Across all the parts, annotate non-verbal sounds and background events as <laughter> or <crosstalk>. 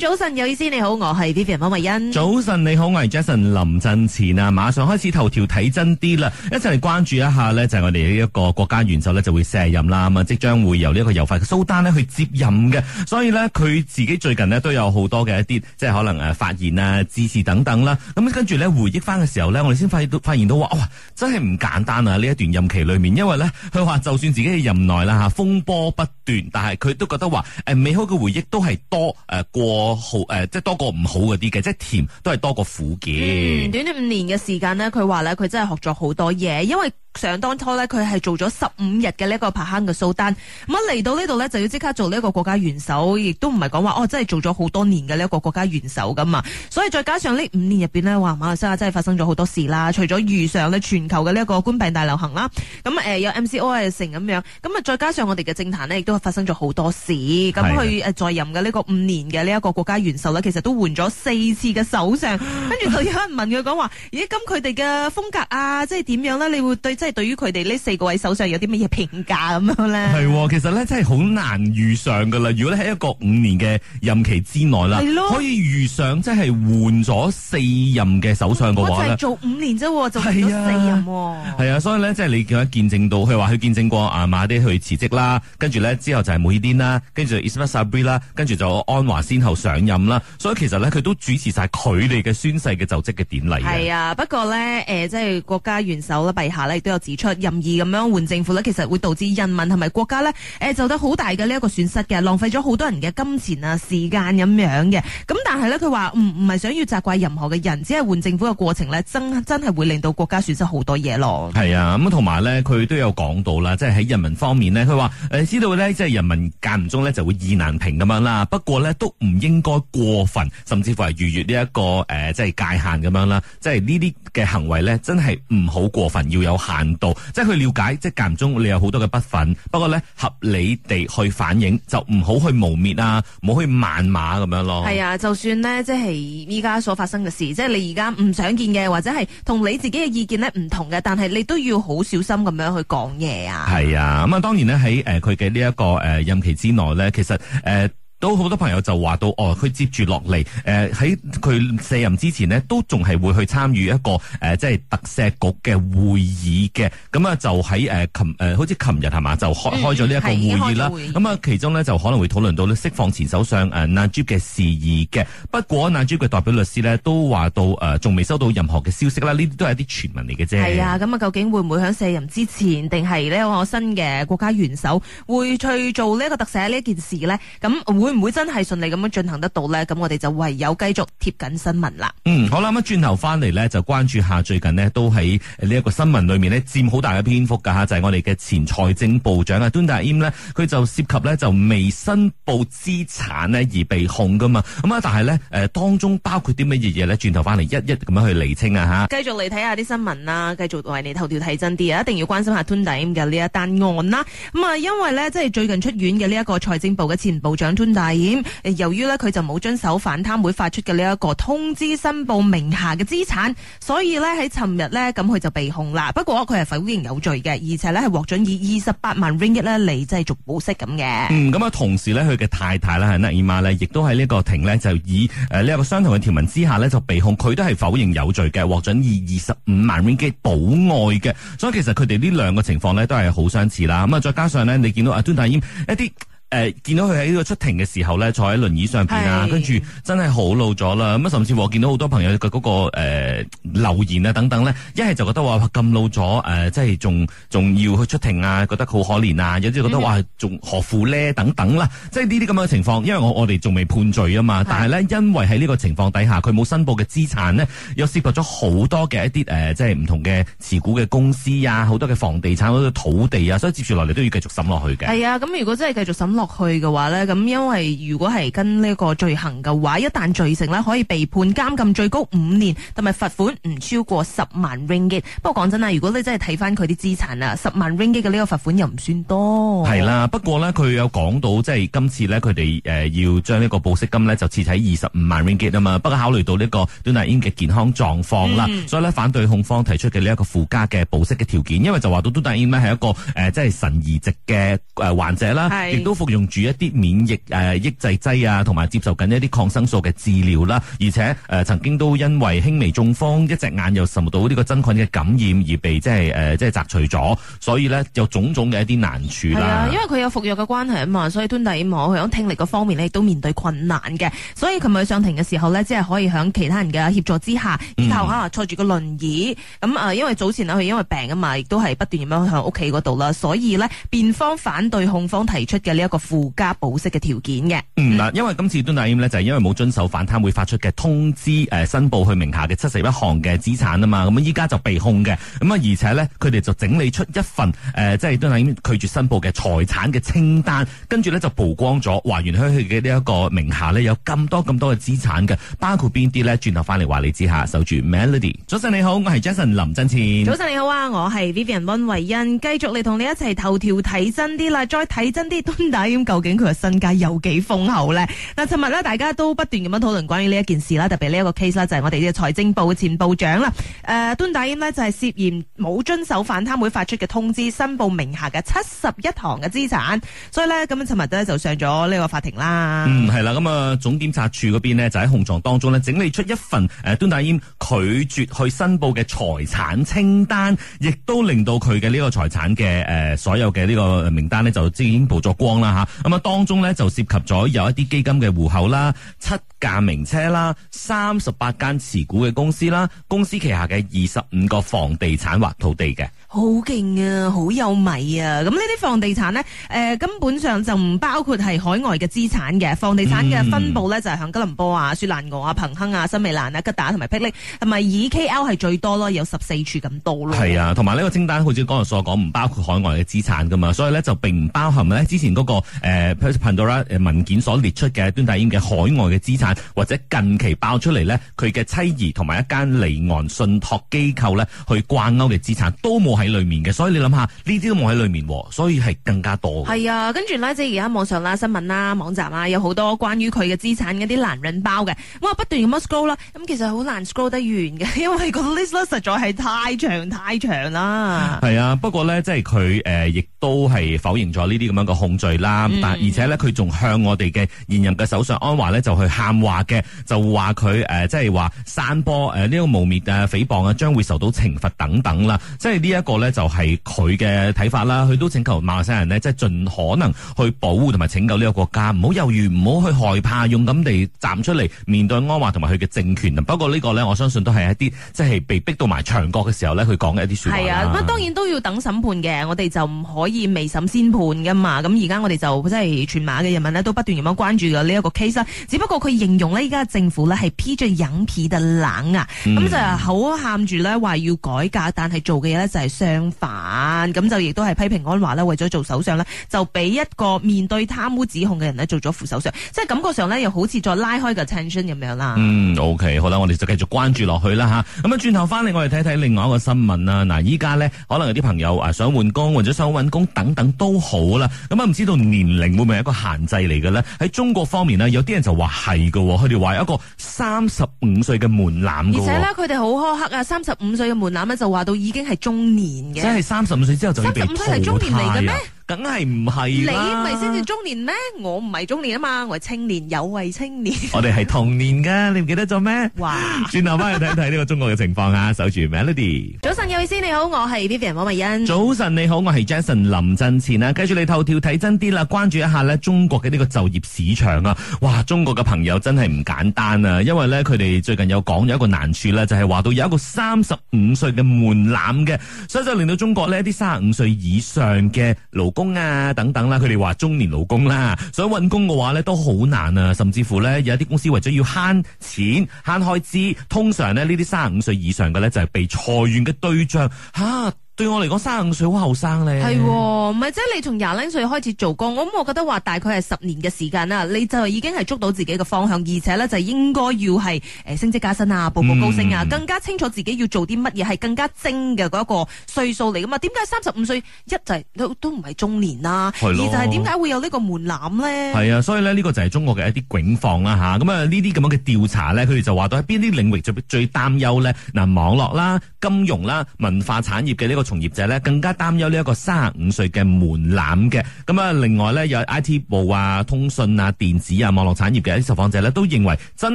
早晨，有意思，你好，我係 Vivian 溫慧欣。早晨，你好，我係 Jason 林振前啊！馬上開始頭條睇真啲啦，一齊嚟關注一下呢，就係我哋呢一個國家元首呢就會卸任啦，咁啊即將會由呢一個柔佛嘅蘇丹呢去接任嘅，所以呢，佢自己最近呢都有好多嘅一啲即係可能誒發言啊、致辭等等啦。咁跟住呢，回憶翻嘅時候呢，我哋先發現到發現到話，哇，真係唔簡單啊！呢一段任期裏面，因為呢，佢話就算自己嘅任內啦吓風波不斷，但係佢都覺得話誒美好嘅回憶都係多誒過。我好誒，即係、呃、多過唔好嗰啲嘅，即係甜都係多過苦嘅。嗯，短短五年嘅時間咧，佢話咧佢真係學咗好多嘢，因為，想當初咧，佢係做咗十五日嘅呢一個彭亨嘅蘇丹，咁啊嚟到呢度呢，就要即刻做呢一個國家元首，亦都唔係講話哦，真係做咗好多年嘅呢一個國家元首噶嘛。所以再加上呢五年入邊呢，話馬來西亞真係發生咗好多事啦。除咗遇上呢全球嘅呢一個冠病大流行啦，咁、呃、誒有 MCO 係成咁樣，咁啊再加上我哋嘅政壇呢，亦都發生咗好多事，咁佢誒在任嘅呢個五年嘅呢一個國家元首呢，其實都換咗四次嘅首相。跟住佢有人問佢講話：，咦，咁佢哋嘅風格啊，即係點樣呢？你會對？即係對於佢哋呢四個位首相有啲乜嘢評價咁樣咧？係、啊，其實咧真係好難遇上噶啦。如果你喺一個五年嘅任期之內啦，可以遇上即係換咗四任嘅首相嘅話咧，係做五年啫，做咗四任。係啊，啊，啊，所以咧即係你見見證到佢話佢見證過啊馬爹去辭職啦，跟住咧之後就係穆希丁啦，跟住伊斯拉布啦，跟住就安華先後上任啦。所以其實咧佢都主持晒佢哋嘅宣誓嘅就職嘅典禮。係啊，不過咧誒、呃，即係國家元首咧陛下咧有指出任意咁樣換政府咧，其實會導致人民同埋國家咧，誒，受到好大嘅呢一個損失嘅，浪費咗好多人嘅金錢啊、時間咁樣嘅。咁但係咧，佢話唔唔係想要責怪任何嘅人，只係換政府嘅過程咧，真真係會令到國家損失好多嘢咯。係啊，咁同埋咧，佢都有講到啦，即係喺人民方面呢，佢話誒知道咧，即係人民間唔中咧就會意難平咁樣啦。不過咧，都唔應該過分，甚至乎係逾越呢一個誒，即係界限咁樣啦。即係呢啲嘅行為咧，真係唔好過分，要有限。度，即係去了解，即係間唔中你有好多嘅不忿，不過咧合理地去反映，就唔好去污蔑啊，唔好去謾罵咁樣咯。係啊，就算咧，即係依家所發生嘅事，即係你而家唔想見嘅，或者係同你自己嘅意見咧唔同嘅，但係你都要好小心咁樣去講嘢啊。係啊，咁啊，當然咧喺誒佢嘅呢一個誒任期之內咧，其實誒。呃都好多朋友就話到，哦，佢接住落嚟，誒喺佢卸任之前呢，都仲係會去參與一個誒、呃，即係特赦局嘅會議嘅。咁啊，就喺誒，琴、啊、誒，好似琴日係嘛，就開、嗯、開咗呢一個會議啦。咁啊、嗯，其中呢，就可能會討論到呢釋放前首相誒 Najib 嘅事宜嘅。不過 Najib 嘅代表律師呢，都話到，誒、呃，仲未收到任何嘅消息啦。呢啲都係一啲傳聞嚟嘅啫。係啊，咁啊，究竟會唔會喺卸任之前，定係呢我新嘅國家元首會去做呢個個特赦呢一件事呢？咁會。唔會，會真係順利咁樣進行得到呢？咁我哋就唯有繼續貼緊新聞啦。嗯，好啦，咁啊，轉頭翻嚟呢，就關注下最近呢，都喺呢一個新聞裏面咧佔好大嘅篇幅噶吓，就係、是、我哋嘅前財政部長啊 Tun Daim 呢，佢就涉及呢，就未申報資產呢而被控噶嘛。咁啊，但係呢，誒當中包括啲乜嘢嘢呢？轉頭翻嚟一一咁樣去釐清啊吓。繼續嚟睇下啲新聞啦，繼續為你頭條睇真啲啊，一定要關心下 Tun Daim 嘅呢一單案啦。咁啊，因為呢，即係最近出院嘅呢一個財政部嘅前部長、Tun Daim 大由於呢佢就冇遵守反貪會發出嘅呢一個通知，申報名下嘅資產，所以呢喺尋日呢，咁佢就被控啦。不過佢係否認有罪嘅，而且呢係獲准以二十八萬 ringgit 咧嚟，繼續保釋咁嘅。咁、嗯、啊，同時呢，佢嘅太太啦係納爾瑪呢，亦都喺呢個庭呢，就以誒呢一個相同嘅條文之下呢，就被控，佢都係否認有罪嘅，獲准以二十五萬 ringgit 保外嘅。所以其實佢哋呢兩個情況呢，都係好相似啦。咁啊，再加上呢，你見到阿端大隱一啲。誒、呃，見到佢喺呢個出庭嘅時候咧，坐喺輪椅上邊啊，跟住真係好老咗啦。咁啊，甚至我見到好多朋友嘅嗰、那個誒、呃、留言啊等等咧，一係就覺得話咁老咗，誒、呃，即係仲仲要去出庭啊，覺得好可憐啊，有啲覺得話仲、嗯、何苦咧等等啦、啊，即係呢啲咁樣嘅情況。因為我我哋仲未判罪啊嘛，但係咧因為喺呢個情況底下，佢冇申報嘅資產呢，又涉及咗好多嘅一啲誒、呃，即係唔同嘅持股嘅公司啊，好多嘅房地產好多土地啊，所以接住落嚟都要繼續審落去嘅。係啊，咁如果真係繼續審落。落去嘅話咧，咁因為如果係跟呢個罪行嘅話，一旦罪成呢，可以被判監禁最高五年，同埋罰款唔超過十萬 ringgit。不過講真啊，如果你真係睇翻佢啲資產啦，十萬 ringgit 嘅呢個罰款又唔算多。係啦，不過呢，佢有講到即係今次呢，佢哋誒要將呢個保釋金呢，就設喺二十五萬 ringgit 啊嘛。不過考慮到呢個 Daim 嘅健康狀況啦，所以呢，反對控方提出嘅呢一個附加嘅保釋嘅條件，因為就話到 Daim 係一個誒即係腎移植嘅患者啦，亦都用住一啲免疫誒、呃、抑制劑啊，同埋接受緊一啲抗生素嘅治療啦，而且誒、呃、曾經都因為輕微中風，一隻眼又受到呢個真菌嘅感染而被、呃、即係誒、呃、即係摘除咗，所以呢，有種種嘅一啲難處啦、啊。因為佢有服藥嘅關係啊嘛，所以蹲底膜，佢響聽力嘅方面呢，亦都面對困難嘅，所以琴日上庭嘅時候呢，即係可以響其他人嘅協助之下，然後嚇、嗯、坐住個輪椅咁啊、呃，因為早前佢因為病啊嘛，亦都係不斷咁樣向屋企嗰度啦，所以呢，辯方反對控方提出嘅呢一個附加保釋嘅條件嘅，嗯嗱，因為今次敦、嗯、大呢，就就是、因為冇遵守反貪會發出嘅通知，誒、呃、申報佢名下嘅七十一項嘅資產啊嘛，咁依家就被控嘅，咁啊而且呢，佢哋就整理出一份誒，即係敦大英拒絕申報嘅財產嘅清單，跟住呢就曝光咗華元虛虛嘅呢一個名下呢有咁多咁多嘅資產嘅，包括邊啲呢？轉頭翻嚟話你知下，守住 Melody，早晨你好，我係 Jason 林振賢，早晨你好啊，我係 Vivian 溫慧欣，繼續嚟同你一齊頭條睇真啲啦，再睇真啲敦大。究竟佢嘅身家有幾豐厚咧？嗱，尋日咧，大家都不斷咁樣討論關於呢一件事啦，特別呢一個 case 啦，就係我哋呢嘅財政部前部長啦。誒、呃，端大焉咧就係涉嫌冇遵守反貪會發出嘅通知，申報名下嘅七十一堂嘅資產，所以呢，咁樣尋日都咧就上咗呢個法庭啦。嗯，係啦，咁啊，總檢察署嗰邊呢，就喺控狀當中呢，整理出一份誒端大焉拒絕去申報嘅財產清單，亦都令到佢嘅呢個財產嘅誒所有嘅呢個名單呢，就即係已經曝咗光啦。咁啊，當中咧就涉及咗有一啲基金嘅戶口啦，七架名車啦，三十八間持股嘅公司啦，公司旗下嘅二十五個房地產或土地嘅，好勁啊，好有米啊！咁呢啲房地產咧，誒、呃，根本上就唔包括係海外嘅資產嘅，房地產嘅分布咧、嗯、就係、是、響吉隆坡啊、雪蘭莪啊、彭亨啊、新美蘭啊、吉打同埋霹靂，同埋以 KL 係最多咯，有十四處咁多咯。係啊，同埋呢個清單好似剛才所講，唔包括海外嘅資產噶嘛，所以咧就並唔包含咧之前嗰、那個。誒、呃、Pandora 誒文件所列出嘅端大英嘅海外嘅資產，或者近期爆出嚟咧，佢嘅妻兒同埋一間離岸信託機構咧，去掛鈎嘅資產都冇喺裏面嘅，所以你諗下呢啲都冇喺裏面，所以係更加多。係啊，跟住咧，即係而家網上啦、新聞啦、啊、網站啊，有好多關於佢嘅資產嗰啲男人包嘅，我不斷要 must scroll 啦、啊，咁其實好難 scroll 得完嘅，因為個 list 實在係太長太長啦。係啊，不過咧即係佢誒，亦、呃、都係否認咗呢啲咁樣嘅控罪啦。但、嗯、而且呢，佢仲向我哋嘅現任嘅首相安華呢就去喊話嘅，就話佢誒，即係話散播誒呢個污蔑啊、誹謗啊，將會受到懲罰等等啦。即係呢一個呢，就係佢嘅睇法啦。佢都請求馬來西亞人呢，即係盡可能去保護同埋拯救呢個國家，唔好猶豫，唔好去害怕，勇敢地站出嚟面對安華同埋佢嘅政權。不過呢個呢，我相信都係一啲即係被逼到埋牆角嘅時候呢，佢講嘅一啲說話。係啊，咁當然都要等審判嘅，我哋就唔可以未審先判㗎嘛。咁而家我哋。就真係全馬嘅人民呢，都不斷咁樣關注嘅呢一個 case。只不過佢形容呢，依家政府呢，係披着羊皮嘅狼啊。咁就係好喊住呢，話要改革，但係做嘅嘢呢，就係相反。咁就亦都係批評安華呢，為咗做首相呢，就俾一個面對貪污指控嘅人呢，做咗副首相。即係感覺上呢，又好似再拉開個 tension 咁樣啦。嗯，OK，好啦，我哋就繼續關注落去啦嚇。咁啊，轉頭翻嚟，我哋睇睇另外一個新聞啊。嗱，依家呢，可能有啲朋友啊想換工或者想揾工等等都好啦。咁啊，唔知道。年齡會唔會係一個限制嚟嘅咧？喺中國方面咧，有啲人就話係嘅，佢哋話一個三十五歲嘅門檻，而且咧佢哋好苛刻啊，三十五歲嘅門檻咧就話到已經係中年嘅，即係三十五歲之後就俾淘汰？三十五歲係中年嚟嘅咩？梗係唔係，你咪先至中年咩？我唔係中年啊嘛，我係青年，有為青年。 <laughs> 我哋係童年噶，你唔記得咗咩？哇！轉頭翻去睇睇呢個中國嘅情況啊！ <laughs> 守住 Melody。早晨，有意思你好，我係 Vivian 黃慧欣。早晨你好，我係 Jason 林振前啊！跟住你頭條睇真啲啦，關注一下呢中國嘅呢個就業市場啊！哇，中國嘅朋友真係唔簡單啊！因為呢，佢哋最近有講有一個難處咧，就係話到有一個三十五歲嘅門檻嘅，所以就令到中國呢啲三十五歲以上嘅老。工啊，等等啦，佢哋話中年勞工啦，想搵工嘅話咧都好難啊，甚至乎咧有啲公司為咗要慳錢慳開支，通常咧呢啲三十五歲以上嘅咧就係被裁員嘅對象吓。啊對我嚟講，三十五歲好後生咧，係，唔係即係你從廿零歲開始做工，我諗我覺得話大概係十年嘅時間啦，你就已經係捉到自己嘅方向，而且呢，就應該要係誒升職加薪啊，步步高升啊、嗯，更加清楚自己要做啲乜嘢，係更加精嘅嗰一個歲數嚟噶嘛？點解三十五歲一就都唔係中年啦、啊？而就係點解會有呢個門檻咧？係啊，所以呢，呢個就係中國嘅一啲境況啦吓，咁啊呢啲咁樣嘅調查呢，佢哋就話到喺邊啲領域最最擔憂咧，嗱網絡啦、金融啦、文化產業嘅呢、這個。從業者咧更加擔憂呢一個三十五歲嘅門檻嘅，咁啊另外咧有 IT 部啊、通訊啊、電子啊、網絡產業嘅啲受訪者咧都認為真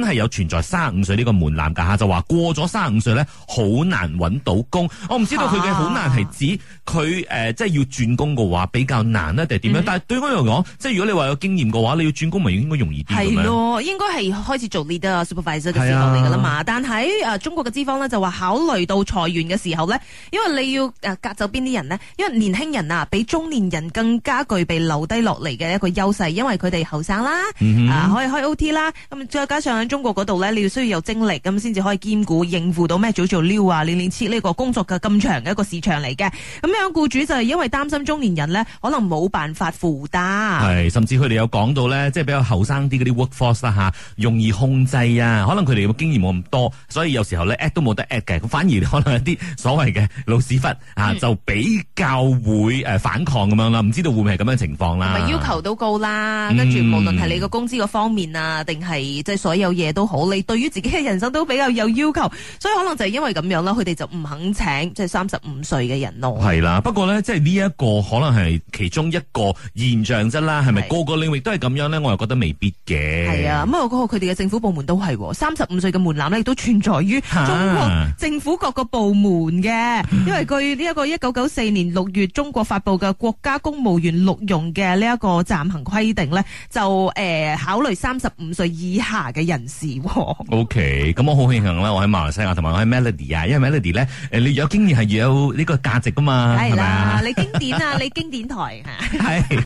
係有存在三十五歲呢個門檻㗎嚇，就話過咗三十五歲咧好難揾到工、啊。我唔知道佢嘅好難係指佢、呃、即係要轉工嘅話比較難呢定係點樣？嗯、但係對方嚟講，即係如果你話有經驗嘅話，你要轉工咪應該容易啲係咯，應該係開始做呢啲啊 supervisor 嘅時候嚟啦嘛。但喺呃中國嘅資方咧就話考慮到裁員嘅時候咧，因為你要誒，隔走邊啲人呢？因為年輕人啊，比中年人更加具備留低落嚟嘅一個優勢，因為佢哋後生啦，嗯、啊可以開 O T 啦，咁再加上喺中國嗰度咧，你要需要有精力咁先至可以兼顧應付到咩早做，做溜啊，年年切呢個工作嘅咁長嘅一個市場嚟嘅。咁樣僱主就係因為擔心中年人呢，可能冇辦法負擔，係，甚至佢哋有講到呢，即、就、係、是、比較後生啲嗰啲 workforce 啦、啊、吓，容易控制啊，可能佢哋嘅經驗冇咁多，所以有時候呢 at 都冇得 at 嘅，咁反而可能有啲所謂嘅老屎忽。啊，就比較會誒、呃、反抗咁樣啦，唔知道會唔會係咁樣情況啦。係咪要求都高啦，跟、嗯、住無論係你個工資個方面啊，定係即係所有嘢都好，你對於自己嘅人生都比較有要求，所以可能就係因為咁樣啦，佢哋就唔肯請即係三十五歲嘅人咯。係啦、啊，不過呢，即係呢一個可能係其中一個現象啫啦，係咪個個領域都係咁樣呢？我又覺得未必嘅。係啊，咁我嗰個佢哋嘅政府部門都係三十五歲嘅門檻呢，亦都存在於中國政府各個部門嘅、啊，因為佢。 <laughs> 呢、這、一個一九九四年六月中國發布嘅國家公務員錄用嘅呢一個暫行規定咧，就、呃、考慮三十五歲以下嘅人士、哦。OK，咁我好慶幸啦，我喺馬來西亞同埋我喺 Melody 啊，因為 Melody 咧誒，你有經驗係要有呢個價值噶嘛？係 <laughs> 啦，你經典啊， <laughs> 你經典台 <laughs>